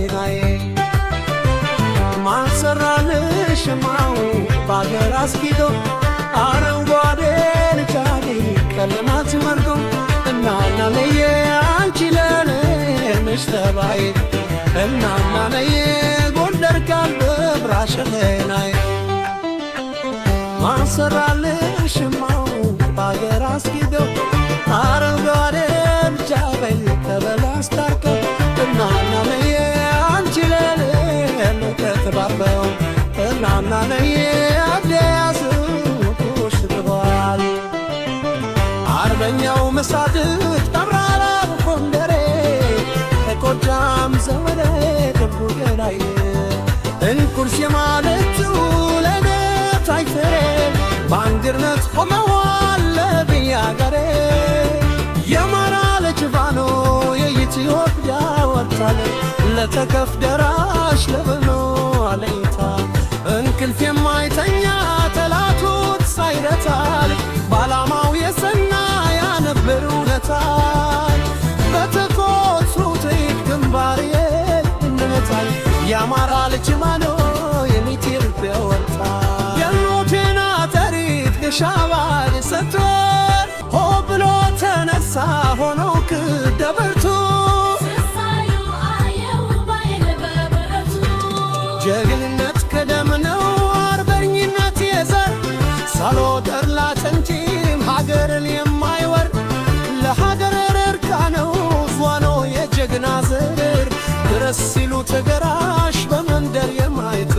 ጤናዬ ማንሰራልሽ ማው ባገር አስጊዶ አረንጓዴ ልቃዴ ቀለማት መርጎ እናናነዬ አንቺ ለኔ ነሽ ተባዬ እናናነዬ ጎንደር ካልበብራሽ ጤናዬ ማንሰራልሽ ማው አርበኛው መሳፍንት ታምራላው ኮንደሬ ከጎጃም ዘወደ ደቡ ገናይ እንቁርሽ የማለችው ለነት አይፈሬ በአንድነት ቆመዋለ ለብያ የማራ ለጅባኖ የኢትዮጵያ ወርታለ ለተከፍደራ calcimano የሚትር ቢያወጣ የሞቴና ጠሪት ግሻባል ሆ ብሎ ተነሳ ሆኖ ክደበርቱ ጀግንነት ከደም ነው አርበኝነት የዘር ሳልወጠር ላንቲም ሀገርን የማይወር ለሀገር ርካ ነው ዟኖ የጀግና ዘር ድረስ ሲሉ ተገራ Meryem ayet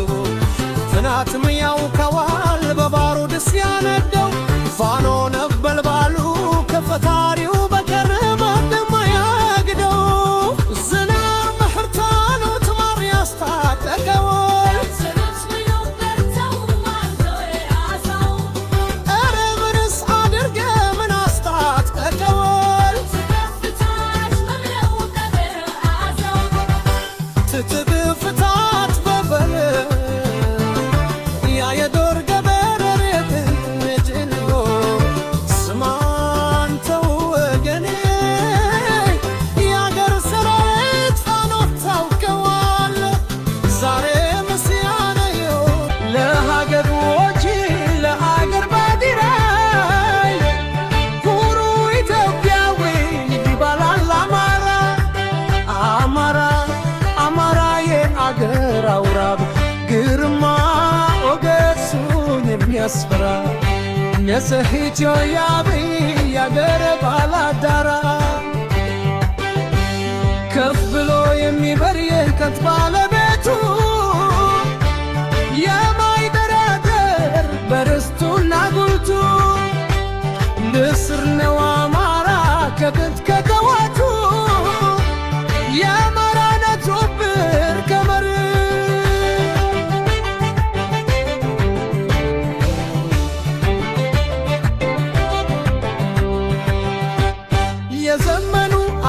ያስፈራ እነሰ ያብይ ያገረ ባላ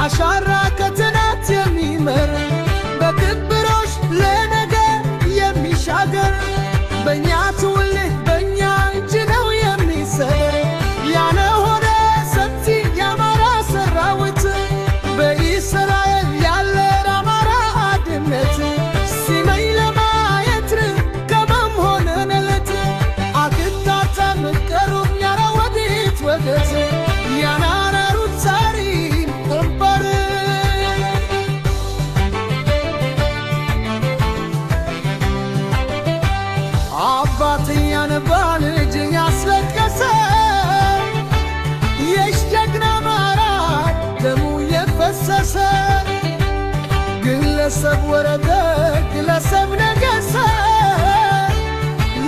Asha. ነገሰ ግለሰብ ወረደ ግለሰብ ነገሰ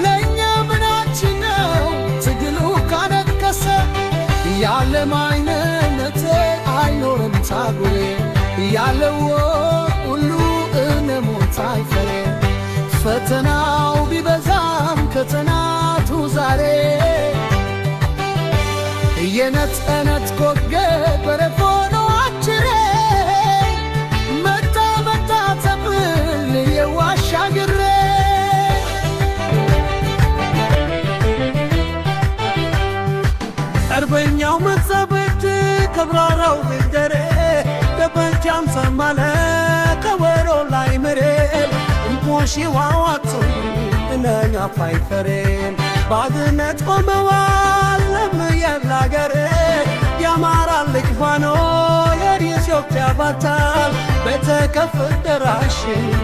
ለእኛ ምናችን ነው ትግሉ ካነከሰ ያለም አይነነት አይኖርም ታጉሌ ያለው ሁሉ እነሞት አይፈሬ ፈተናው ቢበዛም ከተናቱ ዛሬ አብራራው ደበንቻም ሰማለ ከወሮ ላይ ፋይፈሬን ባድነት ቆመዋል ለምየላገሬ ኢትዮጵያ ባታል በተከፍል ደራሽ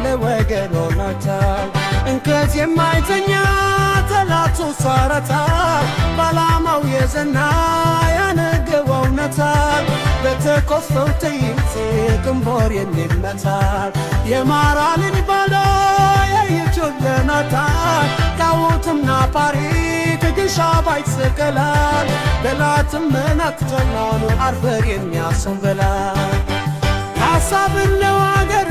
ለወገን ሆናታል። እንከዝ የማይተኛ ጠላቱ ሷረታል ባላማው የዘና ያነገበው ነታል በተኮፈው ትይት ግንቦር የሚመታል የማራልን ባሎ የይችለናታል ዳዊትና ፓሪት ግሻባይ ስቅላል በላትም መናትተናኑ አርበር የሚያሰንበላል ሳብር ነው አገር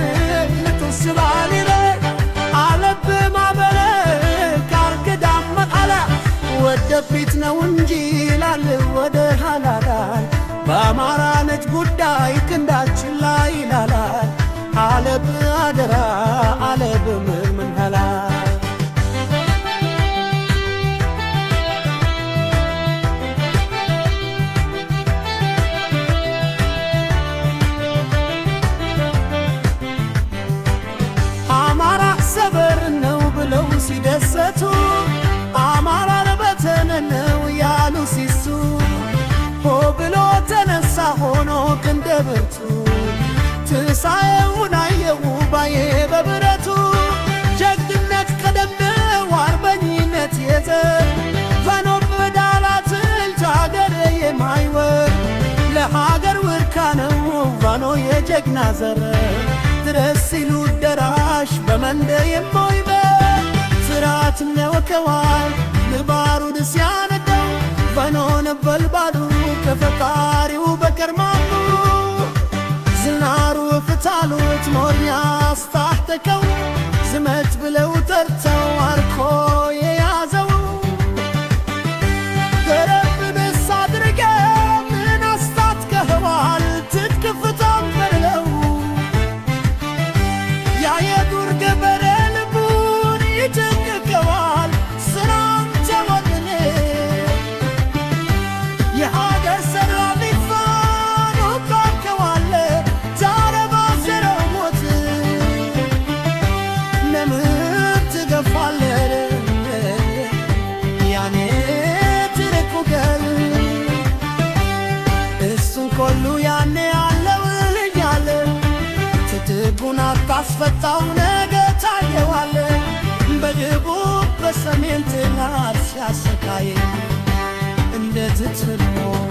አለብ ማበረ ካልክዳም መቃላ ወደፊት ነው እንጂ ወደ ኋላላል ጉዳይ ክንዳችን ላይ ይላላል አለብ አደራ አለብ ሆኖ ክንደበቱ ትንሣኤውን አየሁ ባዬ በብረቱ ጀግንነት ከደምው አርበኝነት የዘር ፈኖር በዳላት ልጅ ሀገር የማይወር ለሀገር ውርካ ነው ቫኖ የጀግና ዘረ ድረስ ሲሉ ደራሽ በመንደር የማይበር ስርዓትና ወከዋል ምግባሩን ሲያ ፈኖን በልባሉ ከፈጣሪው በከርማሉ ዝናሩ ፍታሉት ሞርኛ ስታሕተከው ዝመት ብለው ተርተው አርኮ። ያስፈታው ነገ ታየዋለ። በደቡብ በሰሜን ትናት ሲያሰቃየ እንደ ትትል